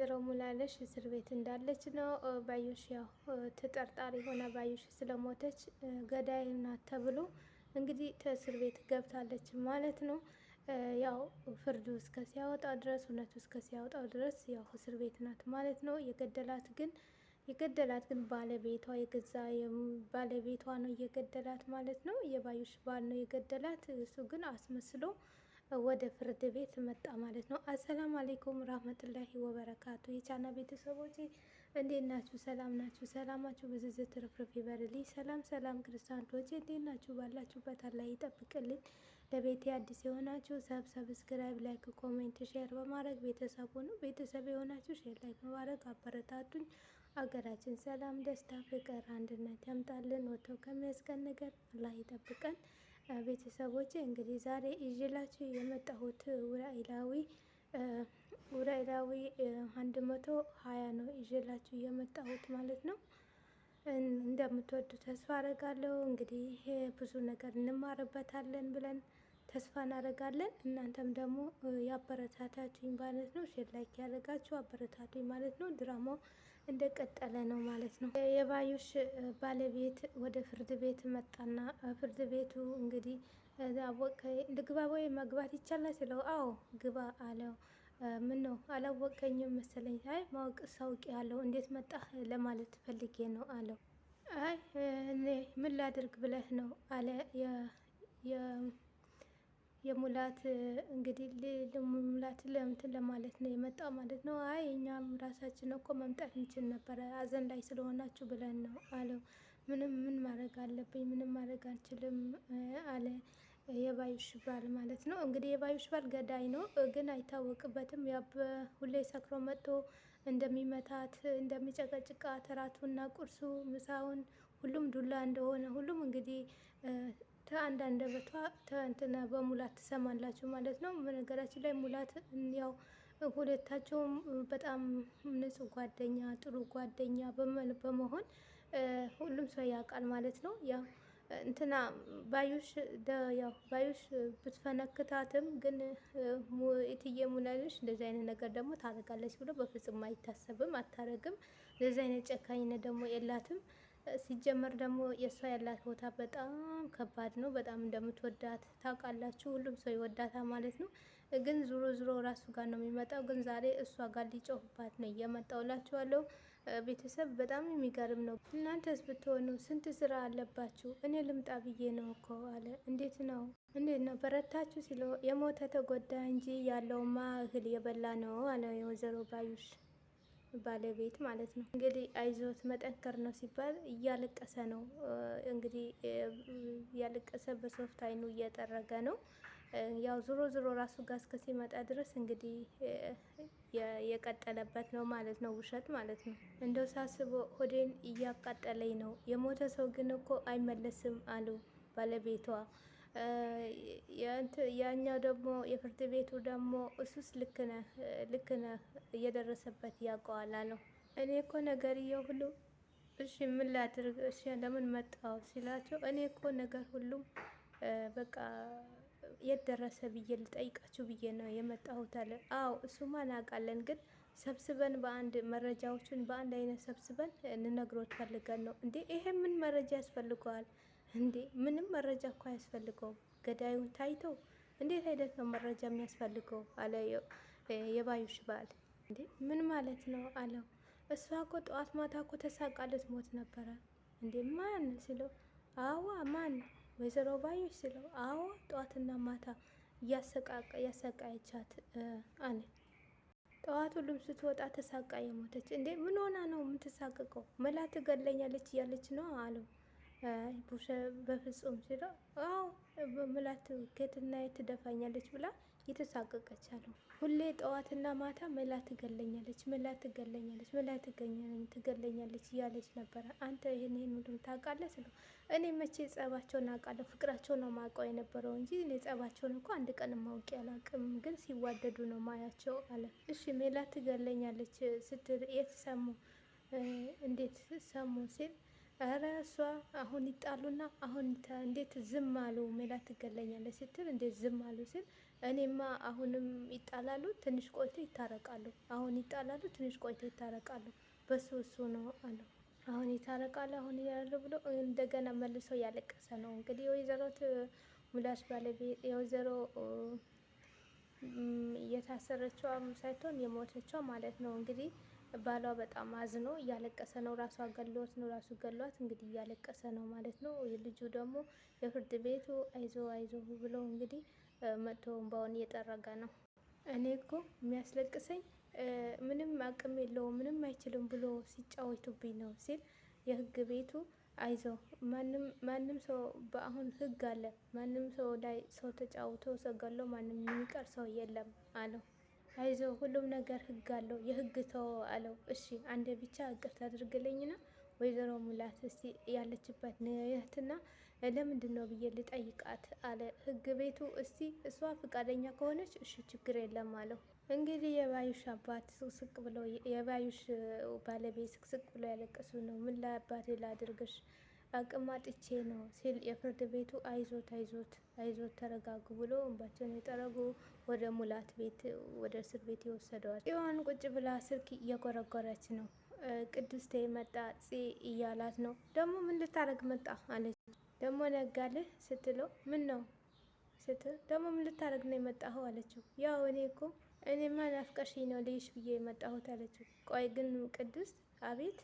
ወይዘሮ ሙላለሽ እስር ቤት እንዳለች ነው። ባዩሽ ያው ተጠርጣሪ ሆና ባዩሽ ስለሞተች ገዳይ ናት ተብሎ እንግዲህ ከእስር ቤት ገብታለች ማለት ነው። ያው ፍርዱ እስከ ሲያወጣ ድረስ እውነቱ እስከ ሲያወጣው ድረስ ያው እስር ቤት ናት ማለት ነው። የገደላት ግን የገደላት ግን ባለቤቷ የገዛ ባለቤቷ ነው የገደላት ማለት ነው። የባዩሽ ባል ነው የገደላት። እሱ ግን አስመስሎ ወደ ፍርድ ቤት መጣ ማለት ነው። አሰላም አሌይኩም ራህመቱላሂ ወበረካቱ የቻና ቤተሰቦቼ እንዴት ናችሁ? ሰላም ናችሁ? ሰላማችሁ ብዝዝ ትርፍርፍ ይበርልኝ። ሰላም ሰላም ክርስቲያኖቼ እንዴት ናችሁ? ባላችሁበት አላህ ይጠብቅልኝ። ለቤት አዲስ የሆናችሁ ሰብ ሰብስክራይብ፣ ላይክ፣ ኮሜንት፣ ሼር በማድረግ ቤተሰቡ ነው። ቤተሰብ የሆናችሁ ሼር ላይ በማድረግ አበረታቱኝ። አገራችን ሰላም፣ ደስታ፣ ፍቅር፣ አንድነት ያምጣልን። ወጥተው ከሚያስቀን ነገር አላህ ይጠብቀን። ቤተሰቦች እንግዲህ ዛሬ ይዤላችሁ የመጣሁት ውራኢላዊ ውራኢላዊ አንድ መቶ ሀያ ነው ይዤላችሁ የመጣሁት ማለት ነው። እንደምትወዱ ተስፋ አደርጋለሁ። እንግዲህ ብዙ ነገር እንማርበታለን ብለን ተስፋ እናደርጋለን። እናንተም ደግሞ ያበረታታችሁኝ ማለት ነው። ሼር ላይክ ያደረጋችሁ አበረታቱኝ ማለት ነው ድራማው እንደቀጠለ ነው ማለት ነው። የባዩሽ ባለቤት ወደ ፍርድ ቤት መጣና ፍርድ ቤቱ እንግዲህ ልግባ ወይ መግባት ይቻላል ሲለው አዎ ግባ አለው። ምን ነው አላወቀኝም መሰለኝ። አይ ማወቅ ሳውቅ ያለው እንዴት መጣህ ለማለት ፈልጌ ነው አለው። አይ ምን ላድርግ ብለህ ነው አለ የሙላት እንግዲህ ሙላት ለምትን ለማለት ነው የመጣው ማለት ነው። አይ እኛም ራሳችን እኮ መምጣት እንችል ነበረ ሀዘን ላይ ስለሆናችሁ ብለን ነው አለው። ምንም ምን ማድረግ አለብኝ ምንም ማድረግ አልችልም አለ የባዩሽ ባል ማለት ነው። እንግዲህ የባዩሽ ባል ገዳይ ነው ግን አይታወቅበትም። ሁሌ ሰክሮ መጥቶ እንደሚመታት እንደሚጨቀጭቃት፣ እራቱና ቁርሱ ምሳውን ሁሉም ዱላ እንደሆነ ሁሉም እንግዲህ አንድ አንደበቷ እንትና በሙላት ትሰማላችሁ ማለት ነው። በነገራችን ላይ ሙላት ያው ሁለታቸውም በጣም ንጹሕ ጓደኛ፣ ጥሩ ጓደኛ በመሆን ሁሉም ሰው ያውቃል ማለት ነው። ያው እንትና ባዩሽ ያው ባዩሽ ብትፈነክታትም ግን የትዬ ሙላልሽ እንደዚህ አይነት ነገር ደግሞ ታደርጋለች ብሎ በፍጹም አይታሰብም፣ አታረግም። እንደዚህ አይነት ጨካኝነት ደግሞ የላትም። ሲጀመር ደግሞ የእሷ ያላት ቦታ በጣም ከባድ ነው። በጣም እንደምትወዳት ታውቃላችሁ። ሁሉም ሰው ይወዳታ ማለት ነው። ግን ዙሮ ዙሮ ራሱ ጋር ነው የሚመጣው። ግን ዛሬ እሷ ጋር ሊጮህባት ነው እየመጣውላችኋለሁ። ቤተሰብ በጣም የሚገርም ነው። እናንተስ ብትሆኑ ስንት ስራ አለባችሁ። እኔ ልምጣ ብዬ ነው እኮ አለ። እንዴት ነው እንዴት ነው በረታችሁ ሲለው የሞተ ተጎዳ እንጂ ያለውማ እህል የበላ ነው አለ ወይዘሮ ባዩሽ ባለቤት ማለት ነው። እንግዲህ አይዞት መጠንከር ነው ሲባል እያለቀሰ ነው። እንግዲህ እያለቀሰ በሶፍት አይኑ እየጠረገ ነው። ያው ዞሮ ዞሮ ራሱ ጋር እስከ ሲመጣ ድረስ እንግዲህ የቀጠለበት ነው ማለት ነው። ውሸት ማለት ነው። እንደው ሳስቦ ሆዴን እያቃጠለኝ ነው። የሞተ ሰው ግን እኮ አይመለስም አሉ ባለቤቷ። ያኛው ደግሞ የፍርድ ቤቱ ደግሞ እሱስ ልክ ነህ ልክ ነህ እየደረሰበት ያውቀዋል ነው። እኔ እኮ ነገርየው ሁሉ እሺ ምን ላድርግ እሺ ለምን መጣው ሲላቸው እኔ እኮ ነገር ሁሉም በቃ የት ደረሰ ብዬ ልጠይቃችሁ ብዬ ነው የመጣሁት አለ። አዎ እሱማ እናውቃለን፣ ግን ሰብስበን በአንድ መረጃዎችን በአንድ አይነት ሰብስበን እንነግሮት ፈልገን ነው እንዴ። ይሄ ምን መረጃ ያስፈልገዋል? እንዴ ምንም መረጃ እኮ አያስፈልገውም። ገዳዩን ታይተው እንዴት አይነት ነው መረጃ የሚያስፈልገው? አለ የባዩሽ ባል። እንዴ ምን ማለት ነው አለው። እሷ እኮ ጠዋት ማታ እኮ ተሳቃለት ሞት ነበረ። እንዴ ማን ስለው፣ አዋ ማን ወይዘሮ ባዩሽ ስለው፣ አዎ ጠዋትና ማታ እያሰቃየቻት አለ። ጠዋት ሁሉም ስትወጣ ተሳቃ የሞተች። እንዴ ምን ሆና ነው የምትሳቅቀው? መላ ትገለኛለች እያለች ነው አለው በፍጹም ሲለው አዎ ምላት ትደፋኛለች ብላ እየተሳቀቀች አለው። ሁሌ ጠዋትና ማታ ምላት ትገለኛለች፣ ምላት ትገለኛለች፣ ምላት ትገለኛለች እያለች ነበረ። አንተ ይህን ሁሉም ታውቃለህ ስለው እኔ መቼ ጸባቸውን አውቃለሁ ነው ማውቀው የነበረው እንጂ እኔ ጸባቸውን እኮ አንድ ቀን ማውቂ አላውቅም፣ ግን ሲዋደዱ ነው ማያቸው አለ። እሺ ምላት ትገለኛለች ስትል የት ሰሙ እንዴት ሰሙ ሲል ኧረ እሷ አሁን ይጣሉና አሁን እንዴት ዝም አሉ ሜላ ትገለኛለች ስትል እንዴት ዝም አሉ ስል እኔማ አሁንም ይጣላሉ፣ ትንሽ ቆይቶ ይታረቃሉ። አሁን ይጣላሉ፣ ትንሽ ቆይቶ ይታረቃሉ። በሱ እሱ ነው አለ አሁን ይታረቃሉ፣ አሁን ይላሉ ብሎ እንደገና መልሶ ያለቀሰ ነው እንግዲህ የወይዘሮት ሙላሽ ባለቤት የወይዘሮ የታሰረችዋ ሳይሆን የሞተችዋ ማለት ነው እንግዲህ ባሏ በጣም አዝኖ እያለቀሰ ነው። ራሷ ገሏት ነው ራሱ ገሏት እንግዲህ እያለቀሰ ነው ማለት ነው። ልጁ ደግሞ የፍርድ ቤቱ አይዞ አይዞ ብሎ እንግዲህ መጥቶ እንባውን እየጠረገ ነው። እኔ እኮ የሚያስለቅሰኝ ምንም አቅም የለውም ምንም አይችልም ብሎ ሲጫወቱብኝ ነው ሲል የህግ ቤቱ አይዞ ማንም ሰው በአሁን ህግ አለ። ማንም ሰው ላይ ሰው ተጫውቶ ሰው ገሎ ማንም የሚቀር ሰው የለም አለው። አይዞ ሁሉም ነገር ህግ አለው፣ የህግ ተወው አለው። እሺ አንዴ ብቻ ይቅርታ አድርግልኝና ወይዘሮ ሙላት እስቲ ያለችበት ንየትና ለምንድን ነው ብዬ ልጠይቃት አለ ህግ ቤቱ። እስቲ እሷ ፈቃደኛ ከሆነች እሺ ችግር የለም አለው። እንግዲህ የባዩሽ አባት ስቅስቅ ብሎ የባዩሽ ባለቤት ስቅስቅ ብሎ ያለቀሱ ነው። ምን ለአባቴ ላድርግሽ አቅም አጥቼ ነው ሲል የፍርድ ቤቱ አይዞት አይዞት አይዞት ተረጋጉ ብሎ እንባቸውን የጠረጉ ወደ ሙላት ቤት ወደ እስር ቤት ይወሰደዋል። ጽዮን ቁጭ ብላ ስልክ እየጎረጎረች ነው። ቅድስቴ መጣ ጽ እያላት ነው። ደግሞ ምን ልታረግ መጣ አለች። ደግሞ ነጋልህ ስትለው ምን ነው ስትል ደግሞ ምን ልታረግ ነው የመጣኸው አለችው። ያው እኔ እኮ እኔማ ናፍቀሽኝ ነው ልይሽ ብዬ የመጣሁት አለችው። ቆይ ግን ቅድስት አቤት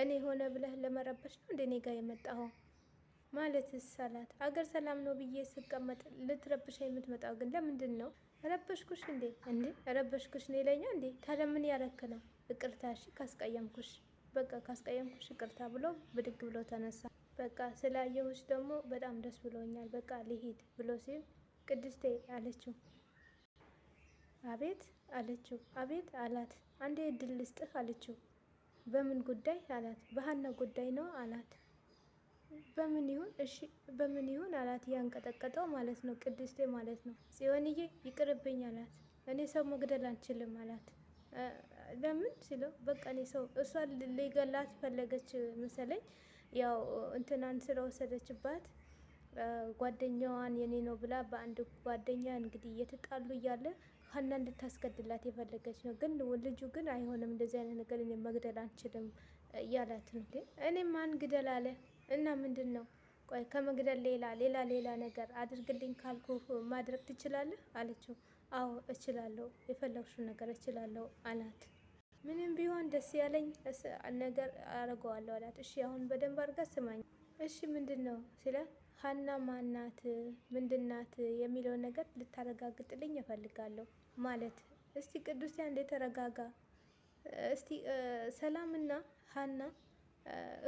እኔ ሆነ ብለህ ለመረበሽ ነው እንደኔ እኔ ጋር የመጣው ማለት ሳላት አገር ሰላም ነው ብዬ ስቀመጥ ልትረብሽ የምትመጣው ግን ለምንድን ነው? ረበሽኩሽ እንዴ? እንዴ ረበሽኩሽ ነው ይለኛ እንዴ? ታዲያ ምን ያረክ ነው? እቅርታ እሺ፣ ካስቀየምኩሽ በቃ ካስቀየምኩሽ እቅርታ ብሎ ብድግ ብሎ ተነሳ። በቃ ስላየሁሽ ደግሞ በጣም ደስ ብሎኛል፣ በቃ ልሂድ ብሎ ሲል ቅድስቴ አለችው። አቤት አለችው። አቤት አላት። አንዴ እድል ልስጥህ አለችው። በምን ጉዳይ አላት። በሀና ጉዳይ ነው አላት። በምን ይሁን እሺ፣ በምን ይሁን አላት። ያንቀጠቀጠው ማለት ነው ቅድስቴ ማለት ነው። ጽዮንዬ ይቅርብኝ አላት። እኔ ሰው መግደል አንችልም አላት። ለምን ሲለው በቃ እኔ ሰው እሷ ሊገላት ፈለገች መሰለኝ። ያው እንትናን ስለወሰደችባት ጓደኛዋን የኔ ነው ብላ በአንድ ጓደኛ እንግዲህ እየተጣሉ እያለ ሀና እንድታስገድላት የፈለገች ነው። ግን ልጁ ግን አይሆንም፣ እንደዚህ አይነት ነገር እኔ መግደል አንችልም እያላት ነው። እኔ ማን ግደል አለ እና ምንድን ነው ቆይ ከመግደል ሌላ ሌላ ሌላ ነገር አድርግልኝ ካልኩ ማድረግ ትችላለህ አለችው። አዎ እችላለሁ፣ የፈለግሽው ነገር እችላለሁ አላት። ምንም ቢሆን ደስ ያለኝ ነገር አረገዋለሁ አላት። እሺ አሁን በደንብ አድርጋ ስማኝ እሺ ምንድን ነው ሲላት ሀና ማናት ምንድናት የሚለውን ነገር ልታረጋግጥልኝ እፈልጋለሁ ማለት እስቲ ቅዱስ አንዴ ተረጋጋ እስቲ ሰላምና ሀና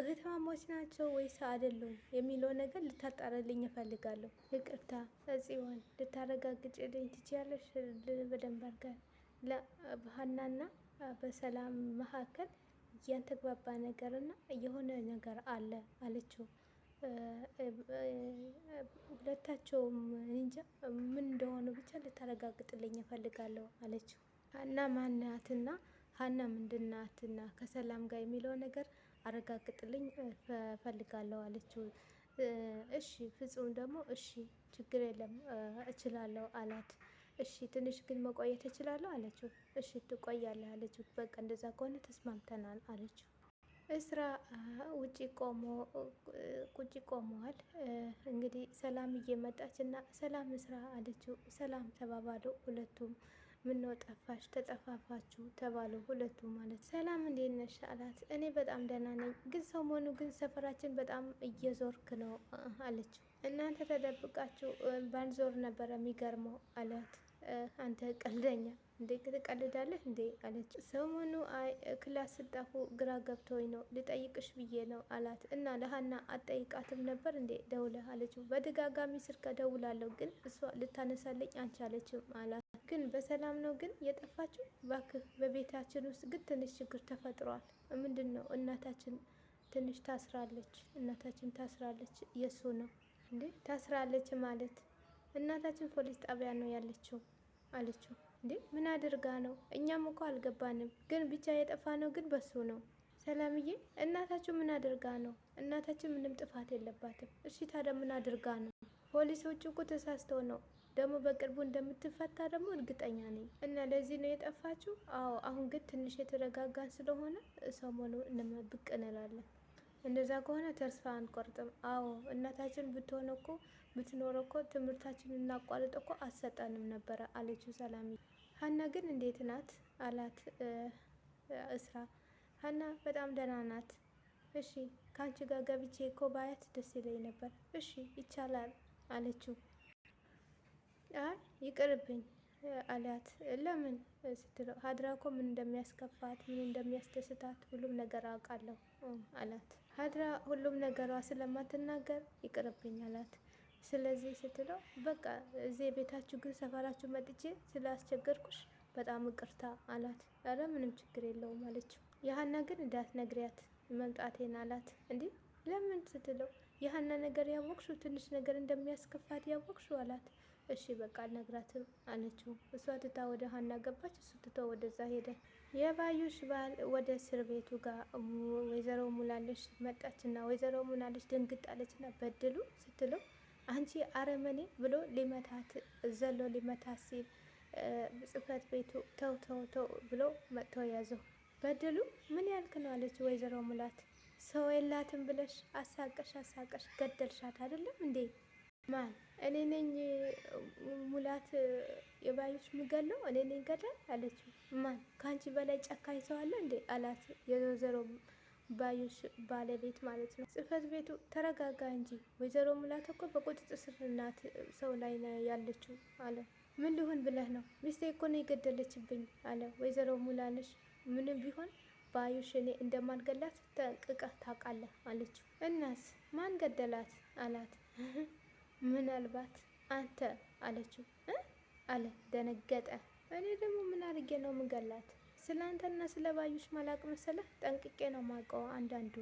እህትማሞች ናቸው ወይስ አይደሉም የሚለው ነገር ልታጣራልኝ እፈልጋለሁ ይቅርታ ጽዮን ልታረጋግጭልኝ ትችያለሽ በደንብ አድርገን በሀናና በሰላም መካከል ያልተግባባ ነገር የሆነ ነገር አለ አለችው ሁለታቸውም እንጃ ምን እንደሆነ ብቻ ልታረጋግጥልኝ እፈልጋለሁ አለችው። ሀና ማናትና ሀና ምንድናትና ከሰላም ጋር የሚለው ነገር አረጋግጥልኝ እፈልጋለሁ አለችው። እሺ ፍጹም ደግሞ እሺ ችግር የለም እችላለሁ አላት። እሺ ትንሽ ግን መቆየት እችላለሁ አለችው። እሺ ትቆያለህ አለችው። በቃ እንደዛ ከሆነ ተስማምተናል አለችው። እስራ ውጪ ቆሞ ቁጭ ቆመዋል። እንግዲህ ሰላም እየመጣች እና ሰላም እስራ አለችው። ሰላም ተባባሉ ሁለቱም። ምነው ጠፋሽ? ተጠፋፋችሁ ተባሉ ሁለቱ ማለት ሰላም እንዴት ነሽ አላት። እኔ በጣም ደህና ነኝ፣ ግን ሰሞኑ ግን ሰፈራችን በጣም እየዞርክ ነው አለችው። እናንተ ተደብቃችሁ ባንዞር ነበረ የሚገርመው አላት። አንተ ቀልደኛ እንዴ ትቀልዳለህ እንዴ አለች። ሰሞኑ ክላስ ስጣፉ ግራ ገብቶኝ ነው ልጠይቅሽ ብዬ ነው አላት። እና ለሀና አጠይቃትም ነበር እንዴ ደውለ አለችው። በደጋጋሚ ስልክ ደውላለሁ ግን እሷ ልታነሳልኝ አልቻለችም አላት። ግን በሰላም ነው ግን የጠፋችው? ባክህ በቤታችን ውስጥ ግን ትንሽ ችግር ተፈጥሯል። ምንድን ነው? እናታችን ትንሽ ታስራለች። እናታችን ታስራለች። የእሱ ነው እንዴ? ታስራለች ማለት እናታችን ፖሊስ ጣቢያ ነው ያለችው። አለችው። እንዴ ምን አድርጋ ነው? እኛም እኮ አልገባንም፣ ግን ብቻ የጠፋ ነው ግን በሱ ነው። ሰላምዬ እናታችሁ ምን አድርጋ ነው? እናታችን ምንም ጥፋት የለባትም። እሺ ታዲያ ምን አድርጋ ነው? ፖሊሶቹ እኮ ተሳስተው ነው። ደግሞ በቅርቡ እንደምትፈታ ደግሞ እርግጠኛ ነኝ። እና ለዚህ ነው የጠፋችሁ? አዎ አሁን ግን ትንሽ የተረጋጋን ስለሆነ ሰሞኑን ብቅ እንላለን። እንደዛ ከሆነ ተስፋ አንቆርጥም። አዎ እናታችን ብትሆን እኮ ብትኖር እኮ ትምህርታችን እናቋርጥ እኮ አሰጠንም ነበረ አለችው ሰላም። ሀና ግን እንዴት ናት አላት እስራ። ሀና በጣም ደህና ናት። እሺ ከአንቺ ጋር ገብቼ እኮ ባያት ደስ ይለኝ ነበር። እሺ ይቻላል አለችው። አይ ይቅርብኝ አላት። ለምን ስትለው ሀድራ እኮ ምን እንደሚያስከፋት ምን እንደሚያስደስታት ሁሉም ነገር አውቃለሁ አላት። ሀድራ ሁሉም ነገሯ ስለማትናገር ይቅርብኝ አላት። ስለዚህ ስትለው በቃ እዚህ ቤታችሁ ግን ሰፈራችሁ መጥቼ ስላስቸገርኩሽ በጣም እቅርታ አላት። ኧረ ምንም ችግር የለውም አለችው። የሀና ግን ነግሪያት መምጣቴን አላት። እንዲህ ለምን ስትለው የሀና ነገር ያወቅሹ ትንሽ ነገር እንደሚያስከፋት ያወቅሹ አላት። እሺ በቃ ነግራትም አለችው። እሷ ትታ ወደ ሀና ገባች፣ እሱ ትቶ ወደዛ ሄደ። የባዩሽ ባል ወደ እስር ቤቱ ጋር ወይዘሮ ሙላለሽ መጣችና ወይዘሮ ሙላለሽ ደንግጣለችና በድሉ ስትለው አንቺ አረመኔ ብሎ ሊመታት ዘሎ ሊመታት ሲል ጽህፈት ቤቱ ተው ተው ተው ብሎ መጥተው ያዘው። በድሉ ምን ያልክ ነው አለች ወይዘሮ ሙላት። ሰው የላትም ብለሽ አሳቀሽ አሳቀሽ ገደልሻት አይደለም እንዴ? ማን እኔ ነኝ ሙላት የባዮች የምገለው እኔ ነኝ ገዳይ አለችው። ማን ከአንቺ በላይ ጨካኝ ሰው አለ እንዴ አላት የወይዘሮ ባዮች ባለቤት ማለት ነው። ጽህፈት ቤቱ ተረጋጋ እንጂ ወይዘሮ ሙላት እኮ በቁጥጥር ስር ናት ሰው ላይ ያለችው አለ። ምን ሊሆን ብለህ ነው? ሚስቴ እኮ ነው የገደለችብኝ አለ። ወይዘሮ ሙላንሽ ምንም ቢሆን ባዮሽ እኔ እንደማልገላት ጠንቅቀህ ታውቃለህ አለችው። እናስ ማን ገደላት አላት። ምናልባት አንተ አለችው አለ። ደነገጠ። እኔ ደግሞ ምን አድርጌ ነው ምገላት? ስለ አንተና ስለ ባዩሽ ማላቅ መሰለህ? ጠንቅቄ ነው ማውቀው አንዳንዱ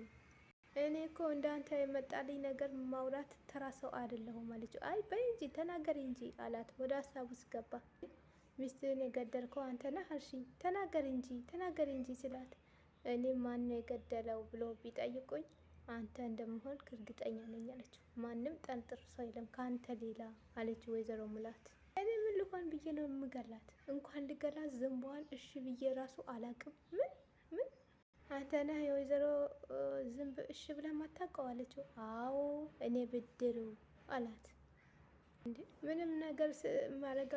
እኔ እኮ እንደ አንተ የመጣልኝ ነገር ማውራት ተራ ሰው አይደለሁም አለችው። አይ በይ እንጂ ተናገሪ እንጂ አላት። ወደ ሀሳቡ ስገባ ገባ። ሚስትህን የገደልከው አንተ ነህ አልሽኝ። ተናገሪ እንጂ ተናገሪ እንጂ ስላት እኔ ማን ነው የገደለው ብሎ ቢጠይቁኝ አንተ እንደምሆን እርግጠኛ ነኝ አለችው። ማንም ጠንጥር ሰው የለም ከአንተ ሌላ አለችው ወይዘሮ ሙላት። እኔ ምን ልሆን ብዬ ነው የምገላት? እንኳን ልገላት ዝንቧን እሺ ብዬ ራሱ አላቅም። ምን ምን አንተ ነህ የወይዘሮ ዝንብ እሺ ብለ ማታውቀው አለችው። አዎ እኔ ብድሩ አላት። ምንም ነገር ማድረግ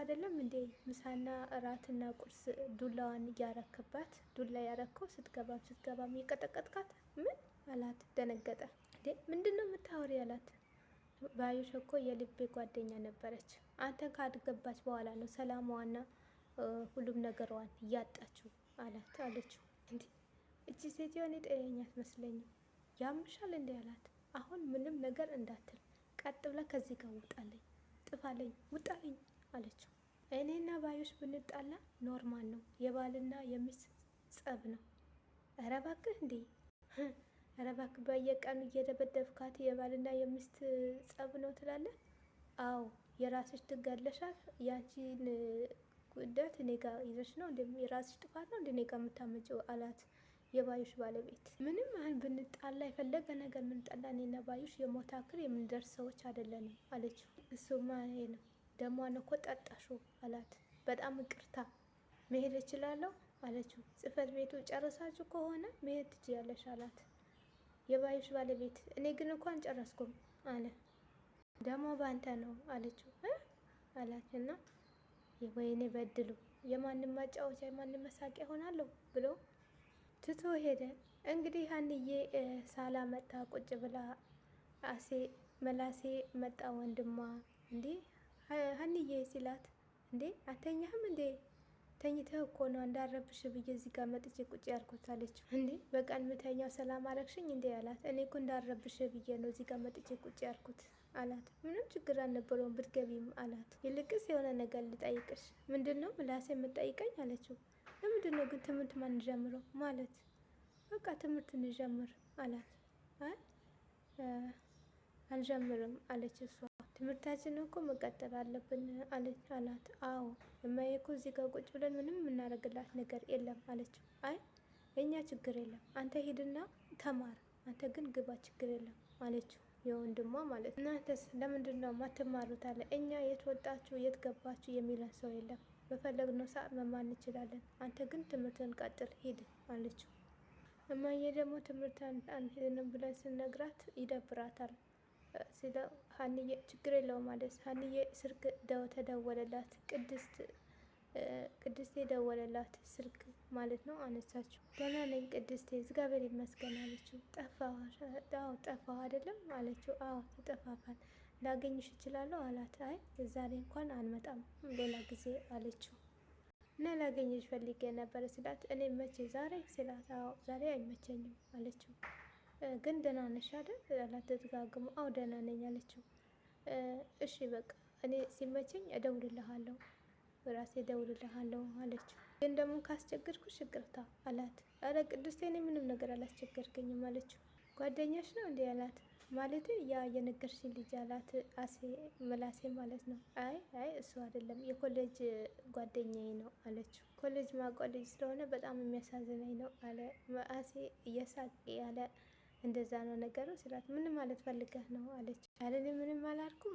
አይደለም እንዴ? ምሳና እራትና ቁርስ ዱላዋን እያረክባት ዱላ ያረከው ስትገባም ስትገባም የቀጠቀጥካት ምን አላት። ደነገጠ። ምንድን ነው የምታወሪ አላት። ባዩሽ እኮ የልቤ ጓደኛ ነበረች። አንተን ካድገባች በኋላ ነው ሰላሟና ሁሉም ነገሯን እያጣችው አላት አለችው። እንዴ እቺ ሴትዮ እኔ ጤነኛ አትመስለኝም። ያምሻል እንዴ አላት። አሁን ምንም ነገር እንዳትል ቀጥ ብላ ከዚህ ጋር ውጣለኝ፣ ጥፋለኝ፣ ውጣለኝ አለችው። እኔና ባዩሽ ብንጣላ ኖርማል ነው፣ የባልና የሚስት ጸብ ነው። እረ እባክህ እንዴ ኧረ እባክህ በየቀኑ እየደበደብካት የባልና የሚስት ጸብ ነው ትላለህ? አዎ የራስሽ ትጋለሻል። ያቺን ጉዳት እኔ ጋር ይዘሽ ነው የራስሽ ጥፋት ነው እንደኔ እኔ ጋር የምታመጪው አላት የባዩሽ ባለቤት። ምንም አሁን ብንጣላ የፈለገ ነገር ምንጠላ እኔና ባዩሽ የሞት አክል የምንደርስ ሰዎች አይደለንም አለችው። እሱማ ይሄ ነው ደሟን እኮ ጠጣሹ አላት። በጣም ይቅርታ መሄድ እችላለሁ አለችው። ጽህፈት ቤቱ ጨረሳችሁ ከሆነ መሄድ ትችያለሽ አላት። የባዩሽ ባለቤት እኔ ግን እኳን ጨረስኩም አለ። ደግሞ ባንተ ነው አለችው አላትና ወይኔ በድሉ የማንም መጫወቻ የማንም መሳቂያ ሆናለሁ ብሎ ትቶ ሄደ። እንግዲህ ሀንዬ ሳላ መጣ ቁጭ ብላ አሴ መላሴ መጣ ወንድሟ እንዴ ሀንዬ ሲላት እንዴ አተኛህም እንዴ ተኝተህ እኮ ነው እንዳረብሽ ብዬ እዚህ ጋር መጥቼ ቁጭ ያልኩት አለችው። እንዴ በቀን ምተኛው ሰላም አረግሽኝ እንዴ አላት። እኔ እኮ እንዳረብሽ ብዬ ነው እዚህ ጋር መጥቼ ቁጭ ያልኩት አላት። ምንም ችግር አልነበረውም ብትገቢም አላት። ይልቅስ የሆነ ነገር ልጠይቅሽ። ምንድን ነው ምላሴ የምትጠይቀኝ አለችው። ለምንድን ነው ግን ትምህርት ማን ንጀምረው? ማለት በቃ ትምህርት እንጀምር አላት። አይ አልጀምርም አለች እሷ። ትምህርታችን እኮ መቀጠል አለብን አለች አላት። አዎ እማዬ እኮ እዚህ ጋር ቁጭ ብለን ምንም የምናደርግላት ነገር የለም አለችው። አይ እኛ ችግር የለም አንተ ሂድና ተማር፣ አንተ ግን ግባ፣ ችግር የለም አለችው። የወንድሟ ማለት እናንተስ ለምንድን ነው ማትማሩት? አለ። እኛ የት ወጣችሁ የት ገባችሁ የሚለን ሰው የለም። በፈለግነው ሰዓት መማር እንችላለን። አንተ ግን ትምህርትን ቀጥል ሂድ አለችው። እማዬ ደግሞ ትምህርትን አንሄድንም ብለን ስነግራት ይደብራታል። ስለው ሀንዬ ችግር የለውም ማለት ሀንዬ ስልክ ተደወለላት። ቅድስት ቅድስቴ ደወለላት ስልክ ማለት ነው። አነሳችው። ደህና ነኝ ቅድስቴ እግዚአብሔር ይመስገን አለችው። ጠፋሁ ጠፋሁ አይደለም አለችው። አዎ ተጠፋፋን። ላገኝሽ እችላለሁ አላት። አይ ዛሬ እንኳን አልመጣም ሌላ ጊዜ አለችው። እና ላገኝሽ ፈልጌ ነበረ ስላት እኔ መቼ ዛሬ ስላት፣ አዎ ዛሬ አይመቸኝም አለችው። ግን ደህና ነሽ አይደል አላት ደጋግሞ። አዎ ደህና ነኝ አለችው። እሺ በቃ እኔ ሲመቸኝ እደውልልሃለሁ ራሴ እደውልልሃለሁ አለችው። ግን ደግሞ ካስቸገርኩሽ ይቅርታ አላት። አረ ቅድስቴ እኔ ምንም ነገር አላስቸገርከኝም አለችው። ጓደኛሽ ነው እንዴ አላት። ማለት ያ የነገርሽ ልጅ አላት። አሴ መላሴ ማለት ነው። አይ አይ እሱ አይደለም የኮሌጅ ጓደኛዬ ነው አለችው። ኮሌጅ ማቋ ልጅ ስለሆነ በጣም የሚያሳዝነኝ ነው አለ አሴ እየሳቅ ያለ እንደዛ ነው ነገሩ ስላት ምን ማለት ፈልገህ ነው አለች። ምንም አላልኩም